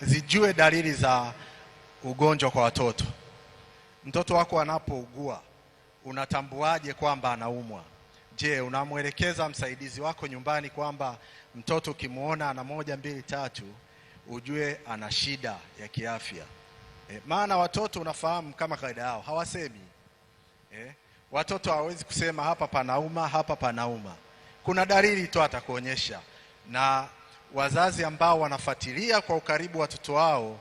zijue dalili za ugonjwa kwa watoto. Mtoto wako anapougua unatambuaje kwamba anaumwa? Je, unamwelekeza msaidizi wako nyumbani kwamba mtoto ukimwona ana moja mbili tatu ujue ana shida ya kiafya e? Maana watoto unafahamu, kama kawaida yao hawasemi e? Watoto hawawezi kusema hapa panauma, hapa panauma. Kuna dalili tu atakuonyesha na wazazi ambao wanafuatilia kwa ukaribu watoto wao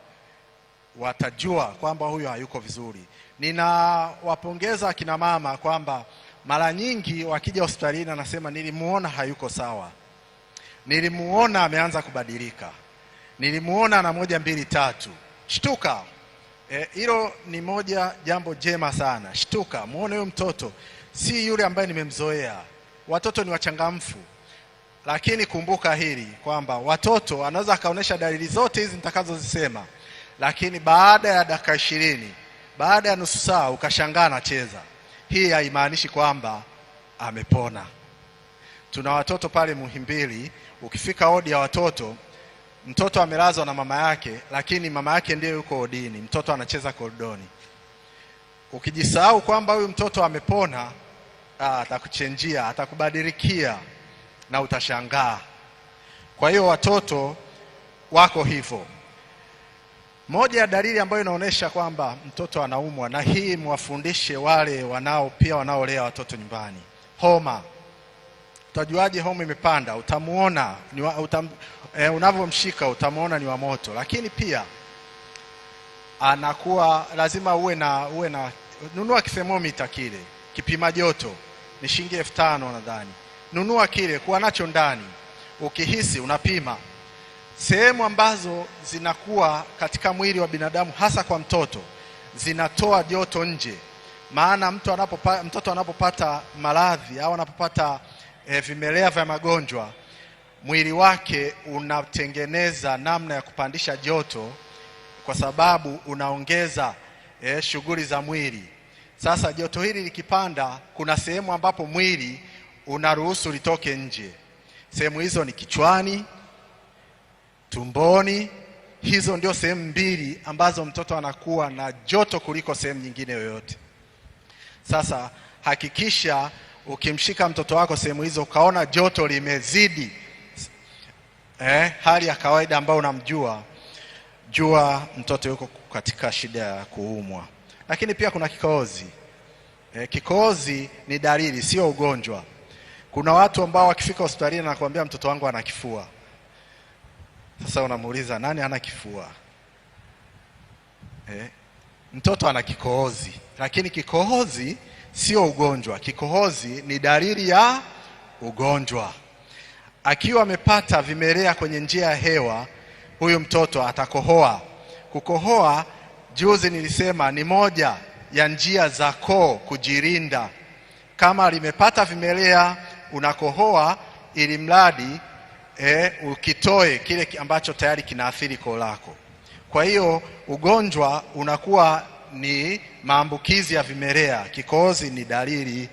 watajua kwamba huyo hayuko vizuri. Ninawapongeza akina mama kwamba mara nyingi wakija hospitalini anasema nilimuona hayuko sawa, nilimuona ameanza kubadilika, nilimuona na moja mbili tatu. Shtuka! E, hilo e, ni moja jambo jema sana. Shtuka, muone huyo mtoto si yule ambaye nimemzoea. Watoto ni wachangamfu. Lakini kumbuka hili kwamba watoto anaweza akaonyesha dalili zote hizi nitakazozisema, lakini baada ya dakika ishirini, baada ya nusu saa ukashangaa anacheza, hii haimaanishi kwamba amepona. Tuna watoto pale Muhimbili, ukifika odi ya watoto, mtoto amelazwa na mama yake, lakini mama yake ndiye yuko odini, mtoto anacheza koridoni. Ukijisahau kwamba huyu mtoto amepona, ah, atakuchenjia, atakubadilikia na utashangaa. Kwa hiyo watoto wako hivyo. Moja ya dalili ambayo inaonyesha kwamba mtoto anaumwa, na hii mwafundishe wale wanao pia wanaolea watoto nyumbani, homa. Utajuaje homa imepanda? Utamuona utam, e, unavyomshika utamuona ni wa moto, lakini pia anakuwa lazima uwe na uwe na nunua kithermomita kile kipima joto ni shilingi elfu tano nadhani nunua kile, kuwa nacho ndani. Ukihisi unapima sehemu ambazo zinakuwa katika mwili wa binadamu, hasa kwa mtoto, zinatoa joto nje. Maana mtu anapopa, mtoto anapopata maradhi au anapopata e, vimelea vya magonjwa, mwili wake unatengeneza namna ya kupandisha joto, kwa sababu unaongeza e, shughuli za mwili. Sasa joto hili likipanda, kuna sehemu ambapo mwili unaruhusu litoke nje. Sehemu hizo ni kichwani, tumboni. Hizo ndio sehemu mbili ambazo mtoto anakuwa na joto kuliko sehemu nyingine yoyote. Sasa hakikisha ukimshika mtoto wako sehemu hizo ukaona joto limezidi eh, hali ya kawaida ambayo unamjua jua mtoto yuko katika shida ya kuumwa. Lakini pia kuna kikohozi eh, kikohozi ni dalili, sio ugonjwa. Kuna watu ambao wakifika hospitalini nakwambia mtoto wangu ana kifua. Sasa unamuuliza nani ana kifua? Eh, mtoto ana kikohozi, lakini kikohozi sio ugonjwa. Kikohozi ni dalili ya ugonjwa. Akiwa amepata vimelea kwenye njia ya hewa, huyu mtoto atakohoa. Kukohoa, juzi nilisema ni moja ya njia za koo kujirinda Kama limepata vimelea unakohoa ili mradi eh, ukitoe kile ambacho tayari kinaathiri koo lako. Kwa hiyo ugonjwa unakuwa ni maambukizi ya vimelea. Kikohozi ni dalili,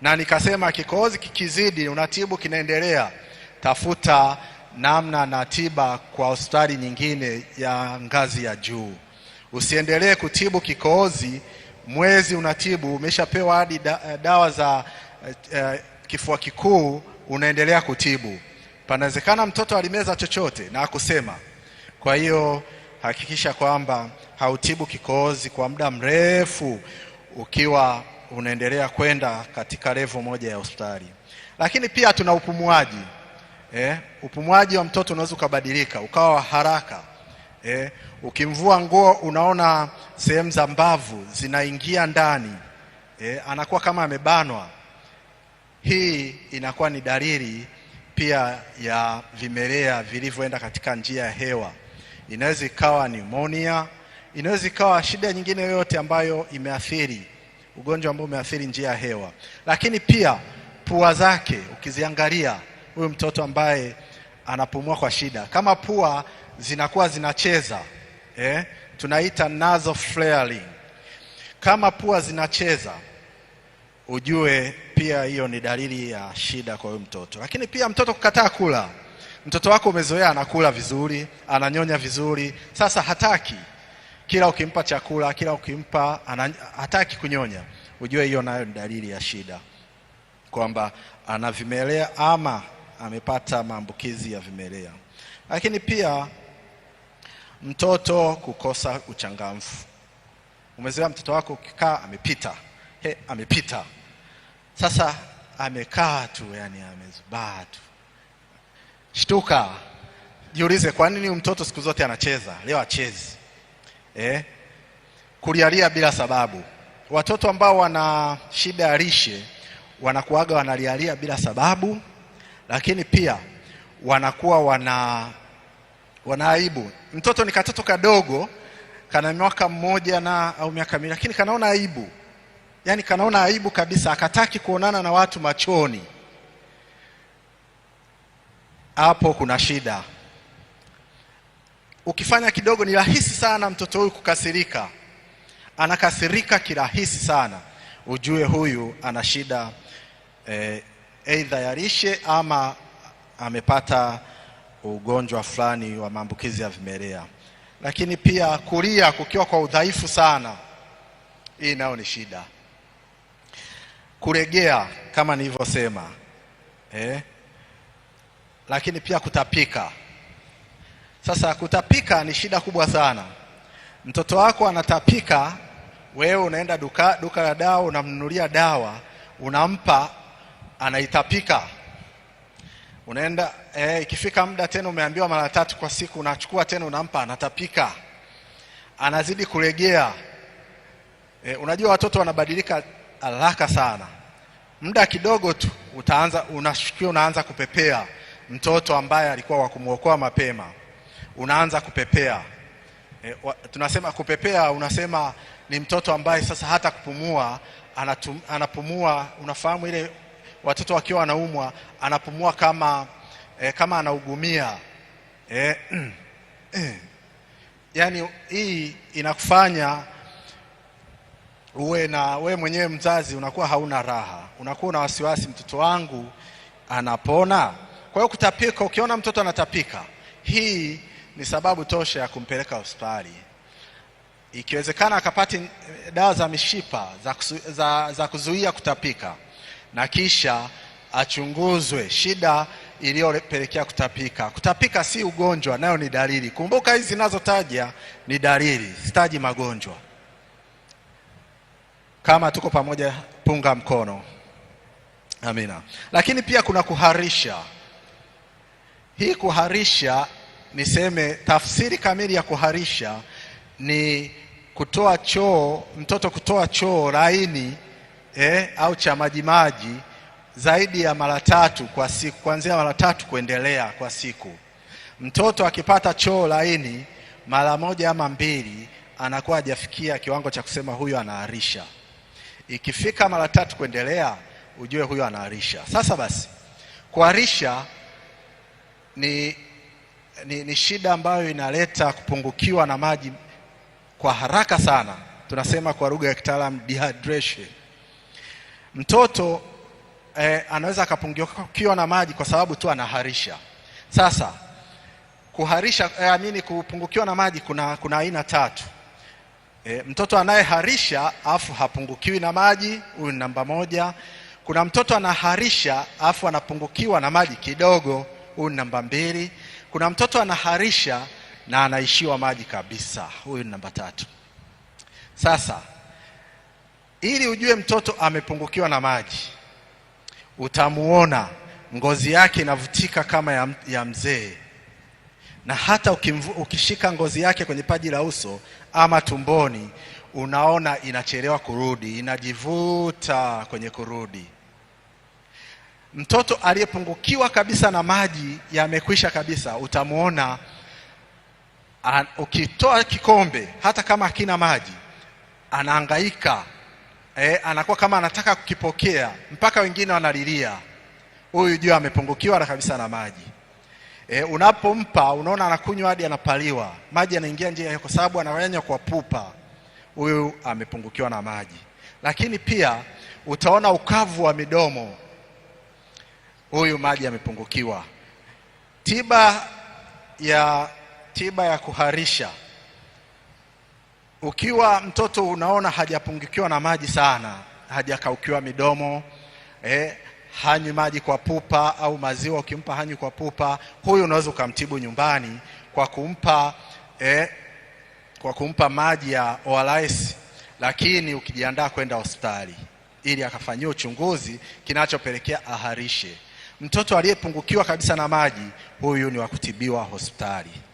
na nikasema kikohozi kikizidi, unatibu kinaendelea, tafuta namna na tiba kwa hospitali nyingine ya ngazi ya juu. Usiendelee kutibu kikohozi mwezi unatibu, umeshapewa hadi da, dawa za eh, eh, kifua kikuu unaendelea kutibu. Panawezekana mtoto alimeza chochote na akusema. Kwa hiyo hakikisha kwamba hautibu kikohozi kwa muda mrefu ukiwa unaendelea kwenda katika levo moja ya hospitali. Lakini pia tuna upumuaji eh, upumuaji wa mtoto unaweza ukabadilika ukawa wa haraka eh, ukimvua nguo unaona sehemu za mbavu zinaingia ndani eh, anakuwa kama amebanwa hii inakuwa ni dalili pia ya vimelea vilivyoenda katika njia ya hewa. Inaweza ikawa pneumonia, inaweza ikawa shida nyingine yoyote ambayo imeathiri ugonjwa ambao umeathiri njia ya hewa. Lakini pia pua zake ukiziangalia, huyu mtoto ambaye anapumua kwa shida, kama pua zinakuwa zinacheza eh, tunaita nasal flaring. Kama pua zinacheza ujue pia hiyo ni dalili ya shida kwa huyo mtoto. Lakini pia mtoto kukataa kula, mtoto wako umezoea anakula vizuri, ananyonya vizuri, sasa hataki. Kila ukimpa chakula, kila ukimpa anany... hataki kunyonya, ujue hiyo nayo ni dalili ya shida, kwamba ana vimelea ama amepata maambukizi ya vimelea. Lakini pia mtoto kukosa uchangamfu, umezoea mtoto wako ukikaa amepita, he, amepita sasa amekaa tu, yani amezubaa tu. Shtuka, jiulize, kwa nini mtoto siku zote anacheza, leo achezi eh? Kulialia bila sababu. Watoto ambao wana shida ya lishe wanakuaga wanalialia bila sababu, lakini pia wanakuwa wana wanaaibu. Mtoto ni katoto kadogo, kana mwaka mmoja na au miaka miwili, lakini kanaona aibu yani kanaona aibu kabisa, akataki kuonana na watu machoni, hapo kuna shida. Ukifanya kidogo, ni rahisi sana mtoto huyu kukasirika, anakasirika kirahisi sana, ujue huyu ana shida eh, aidha ya lishe ama amepata ugonjwa fulani wa maambukizi ya vimelea. Lakini pia kulia kukiwa kwa udhaifu sana, hii nayo ni shida kuregea kama nilivyosema eh, lakini pia kutapika. Sasa kutapika ni shida kubwa sana. Mtoto wako anatapika, wewe unaenda duka, duka la dawa unamnunulia dawa unampa, anaitapika unaenda eh, ikifika muda tena umeambiwa mara tatu kwa siku, unachukua tena unampa, anatapika, anazidi kuregea Eh, unajua watoto wanabadilika haraka sana. Muda kidogo tu utaanza, unashukia unaanza kupepea. Mtoto ambaye alikuwa wa kumwokoa mapema unaanza kupepea. E, wa, tunasema kupepea, unasema ni mtoto ambaye sasa hata kupumua anatum, anapumua. Unafahamu ile watoto wakiwa wanaumwa anapumua kama, e, kama anaugumia e, e. Yani hii inakufanya uwe na we mwenyewe mzazi unakuwa hauna raha, unakuwa una wasiwasi, mtoto wangu anapona? Kwa hiyo kutapika, ukiona mtoto anatapika, hii ni sababu tosha ya kumpeleka hospitali, ikiwezekana akapati dawa za mishipa za, kuzu, za, za kuzuia kutapika na kisha achunguzwe shida iliyopelekea kutapika. Kutapika si ugonjwa, nayo ni dalili. Kumbuka hizi zinazotaja ni dalili, sitaji magonjwa. Kama tuko pamoja, punga mkono. Amina. Lakini pia kuna kuharisha. Hii kuharisha, niseme tafsiri kamili ya kuharisha ni kutoa choo, mtoto kutoa choo laini eh, au cha majimaji zaidi ya mara tatu kwa siku, kuanzia mara tatu kuendelea kwa siku. Mtoto akipata choo laini mara moja ama mbili, anakuwa hajafikia kiwango cha kusema huyo anaharisha. Ikifika mara tatu kuendelea, ujue huyo anaarisha. Sasa basi, kuarisha ni, ni, ni shida ambayo inaleta kupungukiwa na maji kwa haraka sana. Tunasema kwa lugha ya kitaalam dehydration. Mtoto eh, anaweza akapungukiwa na maji kwa sababu tu anaharisha. Sasa kuharisha eh, amini kupungukiwa na maji kuna, kuna aina tatu. E, mtoto anayeharisha afu hapungukiwi na maji, huyu ni namba moja. Kuna mtoto anaharisha afu anapungukiwa na maji kidogo, huyu ni namba mbili. Kuna mtoto anaharisha na anaishiwa maji kabisa, huyu ni namba tatu. Sasa ili ujue mtoto amepungukiwa na maji, utamuona ngozi yake inavutika kama ya, ya mzee na hata ukimvu, ukishika ngozi yake kwenye paji la uso ama tumboni, unaona inachelewa kurudi, inajivuta kwenye kurudi. Mtoto aliyepungukiwa kabisa na maji yamekwisha kabisa, utamwona an, ukitoa kikombe hata kama hakina maji anaangaika eh, anakuwa kama anataka kukipokea, mpaka wengine wanalilia, huyu jua amepungukiwa kabisa na maji. E, unapompa unaona anakunywa hadi anapaliwa, maji yanaingia njia, kwa sababu anawanya kwa pupa. Huyu amepungukiwa na maji. Lakini pia utaona ukavu wa midomo, huyu maji amepungukiwa. Tiba ya tiba ya kuharisha, ukiwa mtoto unaona hajapungukiwa na maji sana, hajakaukiwa midomo eh, hanywi maji kwa pupa au maziwa ukimpa hanywi kwa pupa, huyu unaweza ukamtibu nyumbani kwa kumpa eh, kwa kumpa maji ya ORS, lakini ukijiandaa kwenda hospitali ili akafanyiwe uchunguzi kinachopelekea aharishe. Mtoto aliyepungukiwa kabisa na maji, huyu ni wa kutibiwa hospitali.